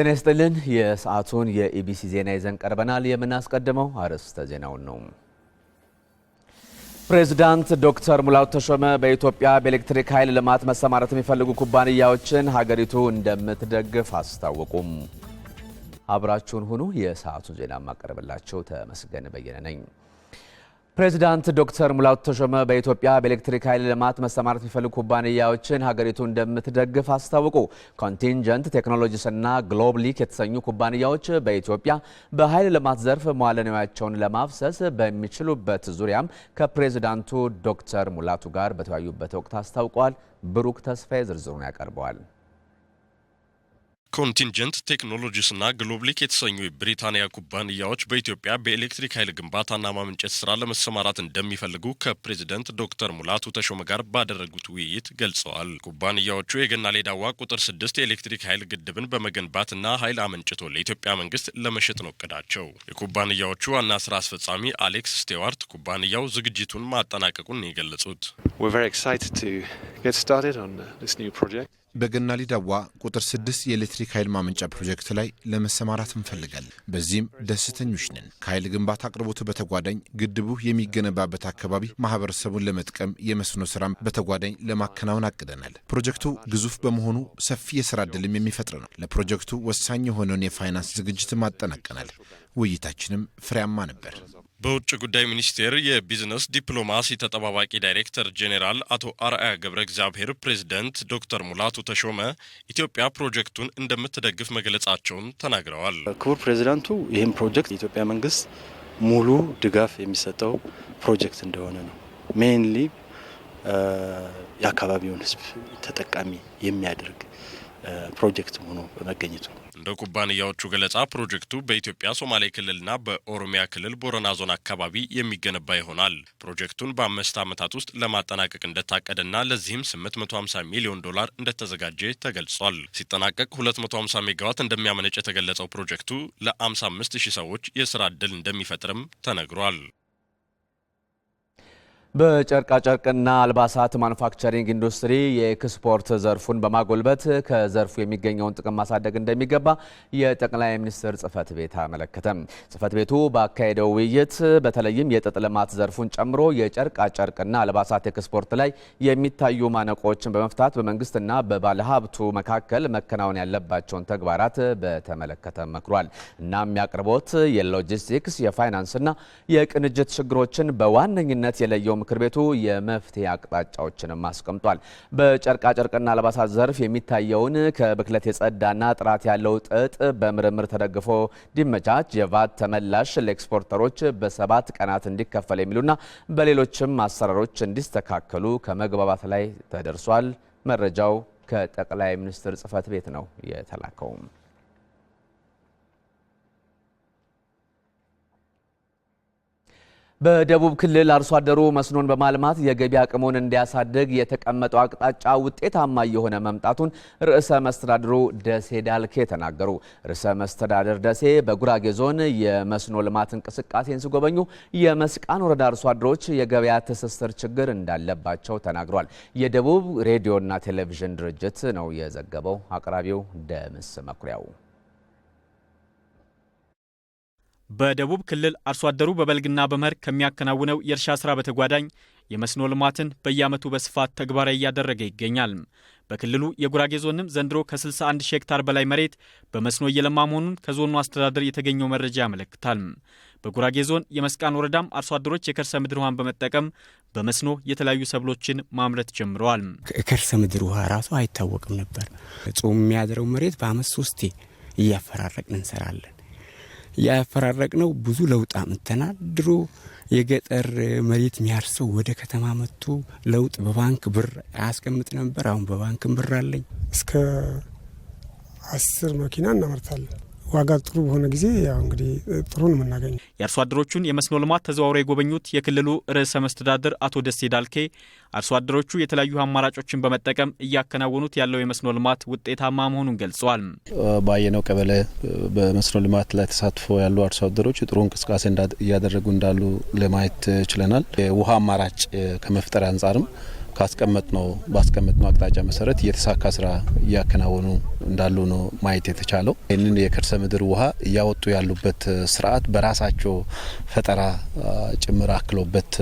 ጤና ይስጥልን። የሰዓቱን የኢቢሲ ዜና ይዘን ቀርበናል። የምናስቀድመው አርዕስተ ዜናውን ነው። ፕሬዚዳንት ዶክተር ሙላቱ ተሾመ በኢትዮጵያ በኤሌክትሪክ ኃይል ልማት መሰማራት የሚፈልጉ ኩባንያዎችን ሀገሪቱ እንደምትደግፍ አስታወቁም። አብራችሁን ሁኑ። የሰዓቱን ዜና የማቀርብላቸው ተመስገን በየነ ነኝ። ፕሬዚዳንት ዶክተር ሙላቱ ተሾመ በኢትዮጵያ በኤሌክትሪክ ኃይል ልማት መሰማራት የሚፈልጉ ኩባንያዎችን ሀገሪቱ እንደምትደግፍ አስታወቁ። ኮንቲንጀንት ቴክኖሎጂስና ግሎብ ሊክ የተሰኙ ኩባንያዎች በኢትዮጵያ በኃይል ልማት ዘርፍ መዋለ ንዋያቸውን ለማፍሰስ በሚችሉበት ዙሪያም ከፕሬዚዳንቱ ዶክተር ሙላቱ ጋር በተወያዩበት ወቅት አስታውቀዋል። ብሩክ ተስፋዬ ዝርዝሩን ያቀርበዋል። ኮንቲንጀንት ቴክኖሎጂስ ና ግሎብሊክ የተሰኙ የብሪታንያ ኩባንያዎች በኢትዮጵያ በኤሌክትሪክ ኃይል ግንባታና ማመንጨት ስራ ለመሰማራት እንደሚፈልጉ ከፕሬዚደንት ዶክተር ሙላቱ ተሾመ ጋር ባደረጉት ውይይት ገልጸዋል። ኩባንያዎቹ የገና ሌዳዋ ቁጥር ስድስት የኤሌክትሪክ ኃይል ግድብን በመገንባትና ኃይል አመንጭቶ ለኢትዮጵያ መንግስት ለመሸጥ ነው እቅዳቸው። የኩባንያዎቹ ዋና ስራ አስፈጻሚ አሌክስ ስቴዋርት ኩባንያው ዝግጅቱን ማጠናቀቁን የገለጹት በገናሊ ዳዋ ቁጥር ስድስት የኤሌክትሪክ ኃይል ማመንጫ ፕሮጀክት ላይ ለመሰማራት እንፈልጋለን። በዚህም ደስተኞች ነን። ከኃይል ግንባታ አቅርቦቱ በተጓዳኝ ግድቡ የሚገነባበት አካባቢ ማህበረሰቡን ለመጥቀም የመስኖ ስራም በተጓዳኝ ለማከናወን አቅደናል። ፕሮጀክቱ ግዙፍ በመሆኑ ሰፊ የስራ ድልም የሚፈጥር ነው። ለፕሮጀክቱ ወሳኝ የሆነውን የፋይናንስ ዝግጅትም አጠናቀናል። ውይይታችንም ፍሬያማ ነበር። በውጭ ጉዳይ ሚኒስቴር የቢዝነስ ዲፕሎማሲ ተጠባባቂ ዳይሬክተር ጄኔራል አቶ አርአያ ገብረ እግዚአብሔር ፕሬዚደንት ዶክተር ሙላቱ ተሾመ ኢትዮጵያ ፕሮጀክቱን እንደምትደግፍ መግለጻቸውን ተናግረዋል። ክቡር ፕሬዚዳንቱ ይህም ፕሮጀክት የኢትዮጵያ መንግስት ሙሉ ድጋፍ የሚሰጠው ፕሮጀክት እንደሆነ ነው። ሜንሊ የአካባቢውን ህዝብ ተጠቃሚ የሚያደርግ ፕሮጀክት ሆኖ በመገኘቱ እንደ ኩባንያዎቹ ገለጻ ፕሮጀክቱ በኢትዮጵያ ሶማሌ ክልልና በኦሮሚያ ክልል ቦረና ዞን አካባቢ የሚገነባ ይሆናል። ፕሮጀክቱን በአምስት ዓመታት ውስጥ ለማጠናቀቅ እንደታቀደና ለዚህም 850 ሚሊዮን ዶላር እንደተዘጋጀ ተገልጿል። ሲጠናቀቅ 250 ሜጋዋት እንደሚያመነጭ የተገለጸው ፕሮጀክቱ ለ55000 ሰዎች የስራ ዕድል እንደሚፈጥርም ተነግሯል። በጨርቃጨርቅና አልባሳት ማኑፋክቸሪንግ ኢንዱስትሪ የኤክስፖርት ዘርፉን በማጎልበት ከዘርፉ የሚገኘውን ጥቅም ማሳደግ እንደሚገባ የጠቅላይ ሚኒስትር ጽህፈት ቤት አመለከተ። ጽህፈት ቤቱ ባካሄደው ውይይት በተለይም የጥጥ ልማት ዘርፉን ጨምሮ የጨርቃጨርቅና አልባሳት ኤክስፖርት ላይ የሚታዩ ማነቆችን በመፍታት በመንግስትና በባለሀብቱ መካከል መከናወን ያለባቸውን ተግባራት በተመለከተ መክሯል። እናም የአቅርቦት፣ የሎጂስቲክስ፣ የፋይናንስና የቅንጅት ችግሮችን በዋነኝነት የለየው ምክር ቤቱ የመፍትሄ አቅጣጫዎችንም አስቀምጧል። በጨርቃጨርቅና አልባሳት ዘርፍ የሚታየውን ከብክለት የጸዳና ጥራት ያለው ጥጥ በምርምር ተደግፎ እንዲመቻች የቫት ተመላሽ ለኤክስፖርተሮች በሰባት ቀናት እንዲከፈል የሚሉና በሌሎችም አሰራሮች እንዲስተካከሉ ከመግባባት ላይ ተደርሷል። መረጃው ከጠቅላይ ሚኒስትር ጽህፈት ቤት ነው የተላከውም። በደቡብ ክልል አርሶ አደሩ መስኖን በማልማት የገቢ አቅሙን እንዲያሳድግ የተቀመጠው አቅጣጫ ውጤታማ እየሆነ መምጣቱን ርዕሰ መስተዳድሩ ደሴ ዳልኬ ተናገሩ። ርዕሰ መስተዳደር ደሴ በጉራጌ ዞን የመስኖ ልማት እንቅስቃሴን ሲጎበኙ የመስቃን ወረዳ አርሶ አደሮች የገበያ ትስስር ችግር እንዳለባቸው ተናግሯል። የደቡብ ሬዲዮና ቴሌቪዥን ድርጅት ነው የዘገበው። አቅራቢው ደምስ መኩሪያው በደቡብ ክልል አርሶ አደሩ በበልግና በመኸር ከሚያከናውነው የእርሻ ስራ በተጓዳኝ የመስኖ ልማትን በየዓመቱ በስፋት ተግባራዊ እያደረገ ይገኛል። በክልሉ የጉራጌ ዞንም ዘንድሮ ከ61 ሺህ ሄክታር በላይ መሬት በመስኖ እየለማ መሆኑን ከዞኑ አስተዳደር የተገኘው መረጃ ያመለክታል። በጉራጌ ዞን የመስቃን ወረዳም አርሶ አደሮች የከርሰ ምድር ውሃን በመጠቀም በመስኖ የተለያዩ ሰብሎችን ማምረት ጀምረዋል። ከርሰ ምድር ውሃ ራሱ አይታወቅም ነበር። ጾም የሚያድረው መሬት በአመት ሶስቴ እያፈራረቅን እንሰራለን። ያፈራረቅ ነው። ብዙ ለውጥ አምጥተናል። ድሮ የገጠር መሬት የሚያርሰው ወደ ከተማ መጥቶ ለውጥ በባንክ ብር አያስቀምጥ ነበር። አሁን በባንክ ብር አለኝ። እስከ አስር መኪና እናመርታለን። ዋጋ ጥሩ በሆነ ጊዜ ያው እንግዲህ ጥሩ ነው የምናገኘው። የአርሶ አደሮቹን የመስኖ ልማት ተዘዋውረው የጎበኙት የክልሉ ርዕሰ መስተዳድር አቶ ደሴ ዳልኬ አርሶ አደሮቹ የተለያዩ አማራጮችን በመጠቀም እያከናወኑት ያለው የመስኖ ልማት ውጤታማ መሆኑን ገልጸዋል። ባየነው ቀበሌ በመስኖ ልማት ላይ ተሳትፎ ያሉ አርሶ አደሮች ጥሩ እንቅስቃሴ እያደረጉ እንዳሉ ለማየት ችለናል። የውሃ አማራጭ ከመፍጠር አንጻርም ባስቀመጥ ነው አቅጣጫ መሰረት የተሳካ ስራ እያከናወኑ እንዳሉ ነው ማየት የተቻለው። ይህንን የከርሰ ምድር ውሃ እያወጡ ያሉበት ስርዓት በራሳቸው ፈጠራ ጭምር አክሎበት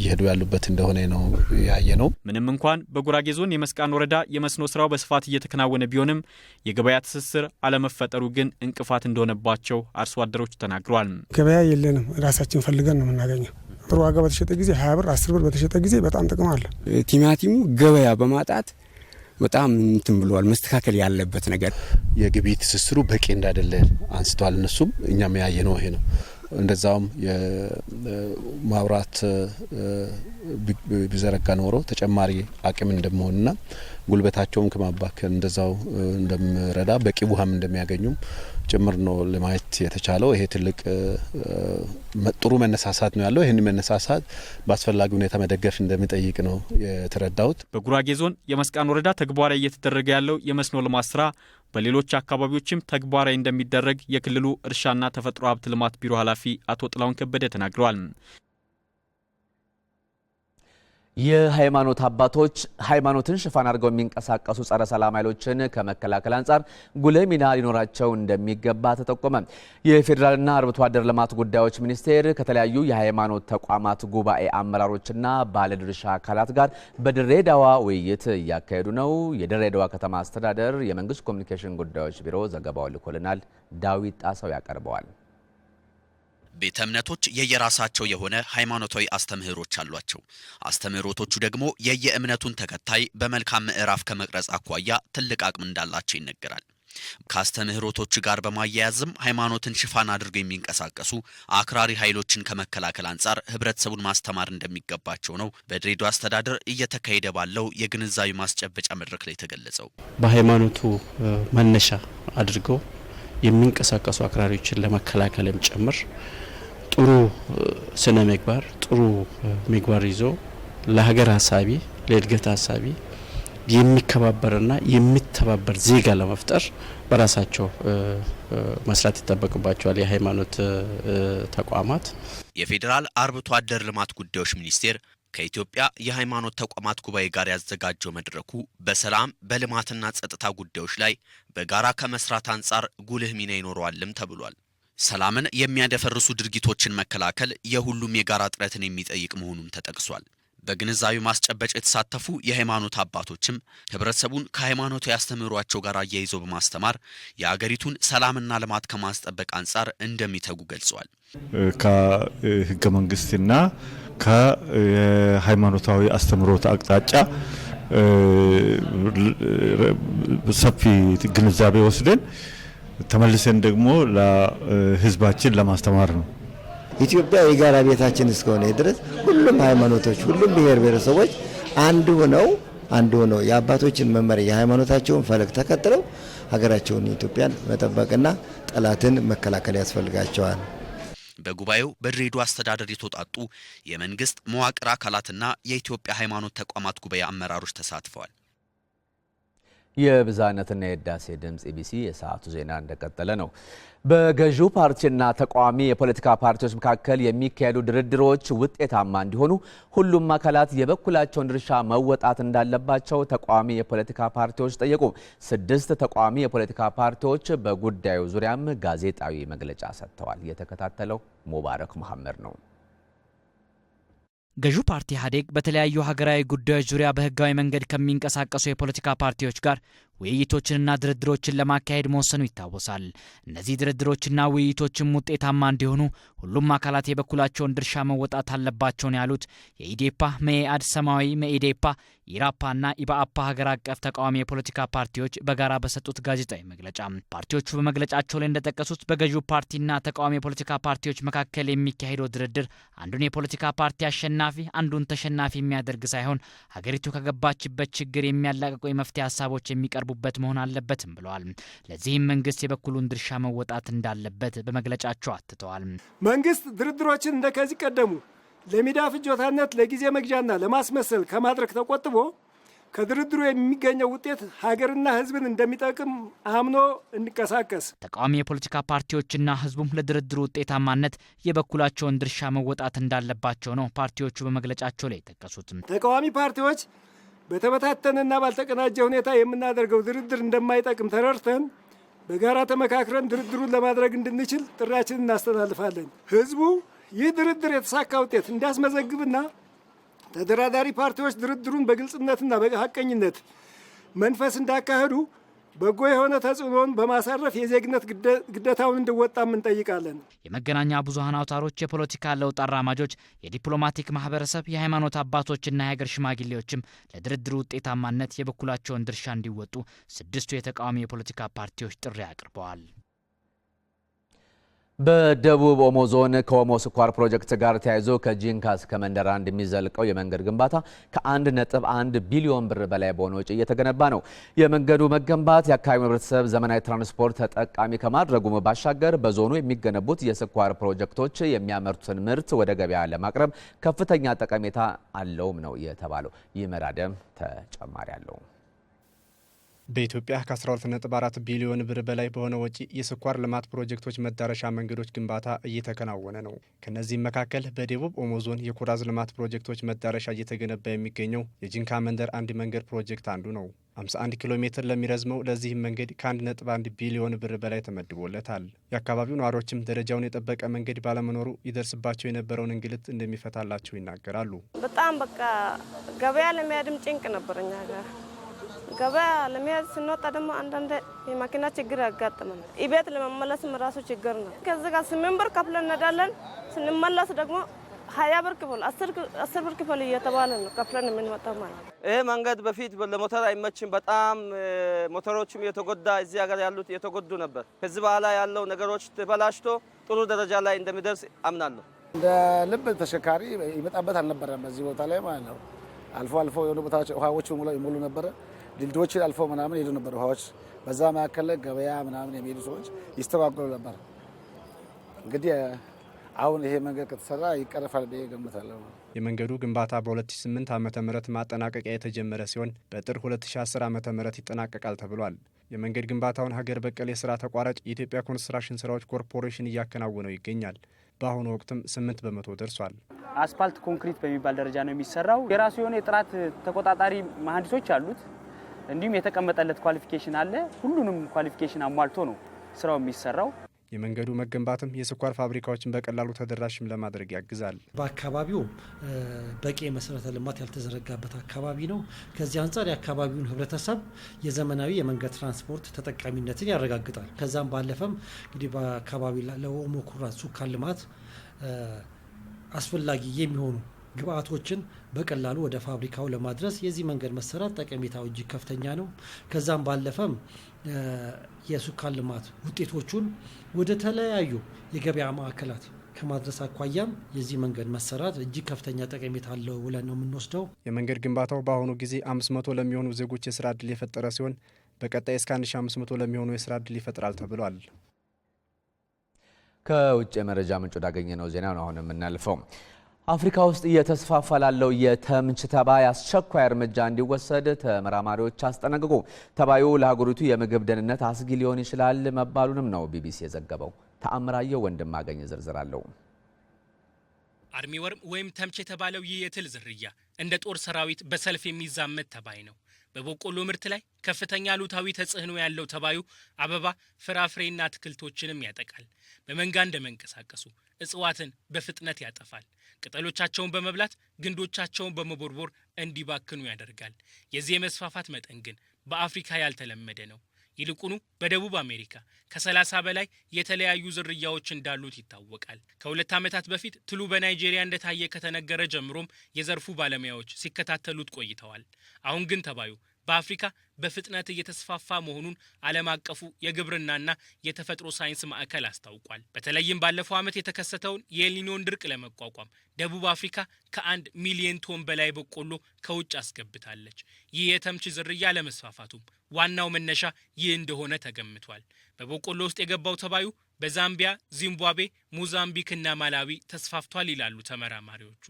እየሄዱ ያሉበት እንደሆነ ነው ያየ ነው። ምንም እንኳን በጉራጌ ዞን የመስቃን ወረዳ የመስኖ ስራው በስፋት እየተከናወነ ቢሆንም የገበያ ትስስር አለመፈጠሩ ግን እንቅፋት እንደሆነባቸው አርሶ አደሮች ተናግረዋል። ገበያ የለንም፣ ራሳችን ፈልገን ነው የምናገኘው ጥሩ ዋጋ በተሸጠ ጊዜ ሀያ ብር አስር ብር በተሸጠ ጊዜ በጣም ጥቅም አለ። ቲማቲሙ ገበያ በማጣት በጣም እንትን ብለዋል። መስተካከል ያለበት ነገር የግብይት ትስስሩ በቂ እንዳደለ አንስተዋል። እነሱም እኛም ያየ ነው ይሄ ነው። እንደዛውም የማብራት ቢዘረጋ ኖሮ ተጨማሪ አቅም እንደመሆንና ጉልበታቸውን ከማባከን እንደዛው እንደምረዳ በቂ ውሃም እንደሚያገኙም ጭምር ነው ለማየት የተቻለው። ይሄ ትልቅ ጥሩ መነሳሳት ነው ያለው። ይህን መነሳሳት በአስፈላጊ ሁኔታ መደገፍ እንደሚጠይቅ ነው የተረዳሁት። በጉራጌ ዞን የመስቃን ወረዳ ተግባራዊ እየተደረገ ያለው የመስኖ ልማት ስራ በሌሎች አካባቢዎችም ተግባራዊ እንደሚደረግ የክልሉ እርሻና ተፈጥሮ ሀብት ልማት ቢሮ ኃላፊ አቶ ጥላሁን ከበደ ተናግረዋል። የሃይማኖት አባቶች ሃይማኖትን ሽፋን አድርገው የሚንቀሳቀሱ ጸረ ሰላም ኃይሎችን ከመከላከል አንጻር ጉልህ ሚና ሊኖራቸው እንደሚገባ ተጠቆመ። የፌዴራልና አርብቶ አደር ልማት ጉዳዮች ሚኒስቴር ከተለያዩ የሃይማኖት ተቋማት ጉባኤ አመራሮችና ባለድርሻ አካላት ጋር በድሬዳዋ ውይይት እያካሄዱ ነው። የድሬዳዋ ከተማ አስተዳደር የመንግስት ኮሚኒኬሽን ጉዳዮች ቢሮ ዘገባውን ልኮልናል። ዳዊት ጣሰው ያቀርበዋል። ቤተ እምነቶች የየራሳቸው የሆነ ሃይማኖታዊ አስተምህሮች አሏቸው። አስተምህሮቶቹ ደግሞ የየእምነቱን ተከታይ በመልካም ምዕራፍ ከመቅረጽ አኳያ ትልቅ አቅም እንዳላቸው ይነገራል። ከአስተምህሮቶች ጋር በማያያዝም ሃይማኖትን ሽፋን አድርገው የሚንቀሳቀሱ አክራሪ ኃይሎችን ከመከላከል አንጻር ህብረተሰቡን ማስተማር እንደሚገባቸው ነው በድሬዳዋ አስተዳደር እየተካሄደ ባለው የግንዛቤ ማስጨበጫ መድረክ ላይ የተገለጸው። በሃይማኖቱ መነሻ አድርገው የሚንቀሳቀሱ አክራሪዎችን ለመከላከልም ጭምር ጥሩ ስነ ምግባር ጥሩ ምግባር ይዞ ለሀገር ሀሳቢ ለእድገት ሀሳቢ የሚከባበርና የሚተባበር ዜጋ ለመፍጠር በራሳቸው መስራት ይጠበቅባቸዋል። የሃይማኖት ተቋማት የፌዴራል አርብቶ አደር ልማት ጉዳዮች ሚኒስቴር ከኢትዮጵያ የሃይማኖት ተቋማት ጉባኤ ጋር ያዘጋጀው መድረኩ በሰላም በልማትና ጸጥታ ጉዳዮች ላይ በጋራ ከመስራት አንጻር ጉልህ ሚና ይኖረዋልም ተብሏል። ሰላምን የሚያደፈርሱ ድርጊቶችን መከላከል የሁሉም የጋራ ጥረትን የሚጠይቅ መሆኑም ተጠቅሷል። በግንዛቤ ማስጨበጫ የተሳተፉ የሃይማኖት አባቶችም ህብረተሰቡን ከሃይማኖታዊ ያስተምሯቸው ጋር አያይዘው በማስተማር የአገሪቱን ሰላምና ልማት ከማስጠበቅ አንጻር እንደሚተጉ ገልጸዋል። ከህገ መንግስትና ከሃይማኖታዊ አስተምህሮት አቅጣጫ ሰፊ ግንዛቤ ወስደን ተመልሰን ደግሞ ለህዝባችን ለማስተማር ነው። ኢትዮጵያ የጋራ ቤታችን እስከሆነ ድረስ ሁሉም ሃይማኖቶች፣ ሁሉም ብሔር ብሔረሰቦች አንድ ሆነው አንድ ሆነው የአባቶችን መመሪያ የሃይማኖታቸውን ፈለግ ተከትለው ሀገራቸውን ኢትዮጵያን መጠበቅና ጠላትን መከላከል ያስፈልጋቸዋል። በጉባኤው በድሬዳዋ አስተዳደር የተውጣጡ የመንግስት መዋቅር አካላትና የኢትዮጵያ ሃይማኖት ተቋማት ጉባኤ አመራሮች ተሳትፈዋል። የብዝሃነትና የህዳሴ ድምፅ ኢቢሲ የሰዓቱ ዜና እንደቀጠለ ነው። በገዢው ፓርቲና ተቃዋሚ የፖለቲካ ፓርቲዎች መካከል የሚካሄዱ ድርድሮች ውጤታማ እንዲሆኑ ሁሉም አካላት የበኩላቸውን ድርሻ መወጣት እንዳለባቸው ተቃዋሚ የፖለቲካ ፓርቲዎች ጠየቁ። ስድስት ተቃዋሚ የፖለቲካ ፓርቲዎች በጉዳዩ ዙሪያም ጋዜጣዊ መግለጫ ሰጥተዋል። የተከታተለው ሙባረክ መሐመድ ነው። ገዢው ፓርቲ ኢህአዴግ በተለያዩ ሀገራዊ ጉዳዮች ዙሪያ በህጋዊ መንገድ ከሚንቀሳቀሱ የፖለቲካ ፓርቲዎች ጋር ውይይቶችንና ድርድሮችን ለማካሄድ መወሰኑ ይታወሳል። እነዚህ ድርድሮችና ውይይቶችም ውጤታማ እንዲሆኑ ሁሉም አካላት የበኩላቸውን ድርሻ መወጣት አለባቸውን ያሉት የኢዴፓ፣ መኢአድ፣ ሰማያዊ፣ መኢዴፓ፣ ኢራፓና ኢባአፓ ሀገር አቀፍ ተቃዋሚ የፖለቲካ ፓርቲዎች በጋራ በሰጡት ጋዜጣዊ መግለጫ ፓርቲዎቹ በመግለጫቸው ላይ እንደጠቀሱት በገዢው ፓርቲና ተቃዋሚ የፖለቲካ ፓርቲዎች መካከል የሚካሄደው ድርድር አንዱን የፖለቲካ ፓርቲ አሸናፊ አንዱን ተሸናፊ የሚያደርግ ሳይሆን ሀገሪቱ ከገባችበት ችግር የሚያላቅቁ የመፍትሄ ሀሳቦች የሚቀር የሚቀርቡበት መሆን አለበትም ብለዋል። ለዚህም መንግስት የበኩሉን ድርሻ መወጣት እንዳለበት በመግለጫቸው አትተዋል። መንግስት ድርድሮችን እንደ ከዚህ ቀደሙ ለሚዲያ ፍጆታነት ለጊዜ መግዣና ለማስመሰል ከማድረግ ተቆጥቦ ከድርድሩ የሚገኘው ውጤት ሀገርና ሕዝብን እንደሚጠቅም አምኖ እንቀሳቀስ። ተቃዋሚ የፖለቲካ ፓርቲዎችና ሕዝቡም ለድርድሩ ውጤታማነት የበኩላቸውን ድርሻ መወጣት እንዳለባቸው ነው ፓርቲዎቹ በመግለጫቸው ላይ የጠቀሱት። ተቃዋሚ ፓርቲዎች በተበታተነና ባልተቀናጀ ሁኔታ የምናደርገው ድርድር እንደማይጠቅም ተረድተን በጋራ ተመካክረን ድርድሩን ለማድረግ እንድንችል ጥሪያችንን እናስተላልፋለን። ህዝቡ ይህ ድርድር የተሳካ ውጤት እንዲያስመዘግብና ተደራዳሪ ፓርቲዎች ድርድሩን በግልጽነትና በሀቀኝነት መንፈስ እንዳካሄዱ በጎ የሆነ ተጽዕኖን በማሳረፍ የዜግነት ግዴታውን እንዲወጣም እንጠይቃለን። የመገናኛ ብዙሀን አውታሮች፣ የፖለቲካ ለውጥ አራማጆች፣ የዲፕሎማቲክ ማህበረሰብ፣ የሃይማኖት አባቶችና የሀገር ሽማግሌዎችም ለድርድር ውጤታማነት የበኩላቸውን ድርሻ እንዲወጡ ስድስቱ የተቃዋሚ የፖለቲካ ፓርቲዎች ጥሪ አቅርበዋል። በደቡብ ኦሞ ዞን ከኦሞ ስኳር ፕሮጀክት ጋር ተያይዞ ከጂንካ እስከ እንደሚዘልቀው የመንገድ ግንባታ ከአንድ ነጥብ አንድ ቢሊዮን ብር በላይ በሆነ ወጪ እየተገነባ ነው። የመንገዱ መገንባት የአካባቢው ህብረተሰብ ዘመናዊ ትራንስፖርት ተጠቃሚ ከማድረጉም ባሻገር በዞኑ የሚገነቡት የስኳር ፕሮጀክቶች የሚያመርቱትን ምርት ወደ ገበያ ለማቅረብ ከፍተኛ ጠቀሜታ አለውም ነው የተባለው። ይህ መራደም ተጨማሪ አለው። በኢትዮጵያ ከ12.4 ቢሊዮን ብር በላይ በሆነ ወጪ የስኳር ልማት ፕሮጀክቶች መዳረሻ መንገዶች ግንባታ እየተከናወነ ነው። ከእነዚህም መካከል በደቡብ ኦሞ ዞን የኩራዝ ልማት ፕሮጀክቶች መዳረሻ እየተገነባ የሚገኘው የጂንካ መንደር አንድ መንገድ ፕሮጀክት አንዱ ነው። 51 ኪሎ ሜትር ለሚረዝመው ለዚህም መንገድ ከ1.1 ቢሊዮን ብር በላይ ተመድቦለታል። የአካባቢው ነዋሪዎችም ደረጃውን የጠበቀ መንገድ ባለመኖሩ ይደርስባቸው የነበረውን እንግልት እንደሚፈታላቸው ይናገራሉ። በጣም በቃ ገበያ ለሚያድም ጭንቅ ነበር እኛ ጋር ገበያ ለመያዝ ስንወጣ ደግሞ አንዳንድ የማኪና ችግር ያጋጥመናል። ኢቤት ለመመለስም ራሱ ችግር ነው። ከዚህ ጋር ስምንት ብር ከፍለን እንሄዳለን። ስንመለስ ደግሞ ሀያ ብር ክፍል፣ አስር ብር ክፍል እየተባለ ነው ከፍለን የምንመጣው ማለት ነው። ይህ መንገድ በፊት ለሞተር አይመችም። በጣም ሞተሮችም እየተጎዳ እዚህ ሀገር ያሉት እየተጎዱ ነበር። ከዚህ በኋላ ያለው ነገሮች ተበላሽቶ ጥሩ ደረጃ ላይ እንደሚደርስ አምናለሁ። እንደ ልብ ተሸካሪ ይመጣበት አልነበረም በዚህ ቦታ ላይ ማለት ነው። አልፎ አልፎ የሆኑ ቦታዎች ውሃዎች ይሞሉ ነበረ ድልድዮችን አልፎ ምናምን ሄዱ ነበር ውሃዎች። በዛ መካከል ገበያ ምናምን የሚሄዱ ሰዎች ይስተጓጉሉ ነበር። እንግዲህ አሁን ይሄ መንገድ ከተሰራ ይቀረፋል ብዬ ገምታለሁ። የመንገዱ ግንባታ በ2008 ዓ ም ማጠናቀቂያ የተጀመረ ሲሆን በጥር 2010 ዓ ም ይጠናቀቃል ተብሏል። የመንገድ ግንባታውን ሀገር በቀል የስራ ተቋራጭ የኢትዮጵያ ኮንስትራክሽን ስራዎች ኮርፖሬሽን እያከናወነው ይገኛል። በአሁኑ ወቅትም ስምንት በመቶ ደርሷል። አስፓልት ኮንክሪት በሚባል ደረጃ ነው የሚሰራው። የራሱ የሆነ የጥራት ተቆጣጣሪ መሀንዲሶች አሉት። እንዲሁም የተቀመጠለት ኳሊፊኬሽን አለ። ሁሉንም ኳሊፊኬሽን አሟልቶ ነው ስራው የሚሰራው። የመንገዱ መገንባትም የስኳር ፋብሪካዎችን በቀላሉ ተደራሽም ለማድረግ ያግዛል። በአካባቢው በቂ የመሰረተ ልማት ያልተዘረጋበት አካባቢ ነው። ከዚህ አንጻር የአካባቢውን ህብረተሰብ የዘመናዊ የመንገድ ትራንስፖርት ተጠቃሚነትን ያረጋግጣል። ከዛም ባለፈም እንግዲህ በአካባቢ ለኦሞ ኩራ ሱካ ልማት አስፈላጊ የሚሆኑ ግብአቶችን በቀላሉ ወደ ፋብሪካው ለማድረስ የዚህ መንገድ መሰራት ጠቀሜታው እጅግ ከፍተኛ ነው። ከዛም ባለፈም የስኳር ልማት ውጤቶቹን ወደ ተለያዩ የገበያ ማዕከላት ከማድረስ አኳያም የዚህ መንገድ መሰራት እጅግ ከፍተኛ ጠቀሜታ አለው ብለን ነው የምንወስደው። የመንገድ ግንባታው በአሁኑ ጊዜ 500 ለሚሆኑ ዜጎች የስራ እድል የፈጠረ ሲሆን በቀጣይ እስከ 1500 ለሚሆኑ የስራ እድል ይፈጥራል ተብሏል። ከውጭ የመረጃ ምንጭ ወዳገኘ ነው ዜና ነው አሁን የምናልፈው። አፍሪካ ውስጥ እየተስፋፋ ላለው የተምች ተባይ አስቸኳይ እርምጃ እንዲወሰድ ተመራማሪዎች አስጠነቅቁ። ተባዩ ለሀገሪቱ የምግብ ደህንነት አስጊ ሊሆን ይችላል መባሉንም ነው ቢቢሲ የዘገበው። ተአምራየው ወንድም አገኘ ዝርዝር አለው። አርሚወርም ወይም ተምች የተባለው ይህ የትል ዝርያ እንደ ጦር ሰራዊት በሰልፍ የሚዛመት ተባይ ነው። በበቆሎ ምርት ላይ ከፍተኛ አሉታዊ ተጽዕኖ ያለው ተባዩ አበባ፣ ፍራፍሬና አትክልቶችንም ያጠቃል። በመንጋ እንደመንቀሳቀሱ እጽዋትን በፍጥነት ያጠፋል። ቅጠሎቻቸውን በመብላት ግንዶቻቸውን በመቦርቦር እንዲባክኑ ያደርጋል። የዚህ የመስፋፋት መጠን ግን በአፍሪካ ያልተለመደ ነው። ይልቁኑ በደቡብ አሜሪካ ከ30 በላይ የተለያዩ ዝርያዎች እንዳሉት ይታወቃል። ከሁለት ዓመታት በፊት ትሉ በናይጄሪያ እንደታየ ከተነገረ ጀምሮም የዘርፉ ባለሙያዎች ሲከታተሉት ቆይተዋል። አሁን ግን ተባዩ በአፍሪካ በፍጥነት እየተስፋፋ መሆኑን ዓለም አቀፉ የግብርናና የተፈጥሮ ሳይንስ ማዕከል አስታውቋል። በተለይም ባለፈው ዓመት የተከሰተውን የኤልኒኖን ድርቅ ለመቋቋም ደቡብ አፍሪካ ከአንድ ሚሊዮን ቶን በላይ በቆሎ ከውጭ አስገብታለች። ይህ የተምች ዝርያ ለመስፋፋቱም ዋናው መነሻ ይህ እንደሆነ ተገምቷል። በበቆሎ ውስጥ የገባው ተባዩ በዛምቢያ፣ ዚምባብዌ፣ ሞዛምቢክና ማላዊ ተስፋፍቷል ይላሉ ተመራማሪዎቹ።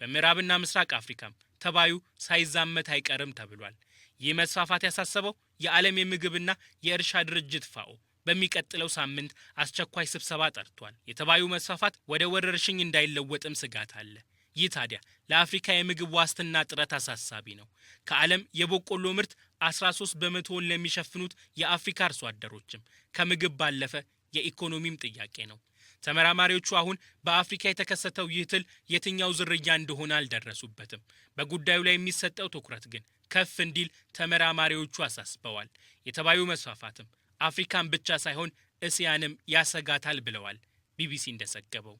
በምዕራብና ምስራቅ አፍሪካም ተባዩ ሳይዛመት አይቀርም ተብሏል። ይህ መስፋፋት ያሳሰበው የዓለም የምግብና የእርሻ ድርጅት ፋኦ በሚቀጥለው ሳምንት አስቸኳይ ስብሰባ ጠርቷል። የተባዩ መስፋፋት ወደ ወረርሽኝ እንዳይለወጥም ስጋት አለ። ይህ ታዲያ ለአፍሪካ የምግብ ዋስትና ጥረት አሳሳቢ ነው። ከዓለም የበቆሎ ምርት 13 በመቶውን ለሚሸፍኑት የአፍሪካ አርሶ አደሮችም ከምግብ ባለፈ የኢኮኖሚም ጥያቄ ነው። ተመራማሪዎቹ አሁን በአፍሪካ የተከሰተው ይህ ትል የትኛው ዝርያ እንደሆነ አልደረሱበትም። በጉዳዩ ላይ የሚሰጠው ትኩረት ግን ከፍ እንዲል ተመራማሪዎቹ አሳስበዋል። የተባዩ መስፋፋትም አፍሪካን ብቻ ሳይሆን እስያንም ያሰጋታል ብለዋል ቢቢሲ እንደዘገበው።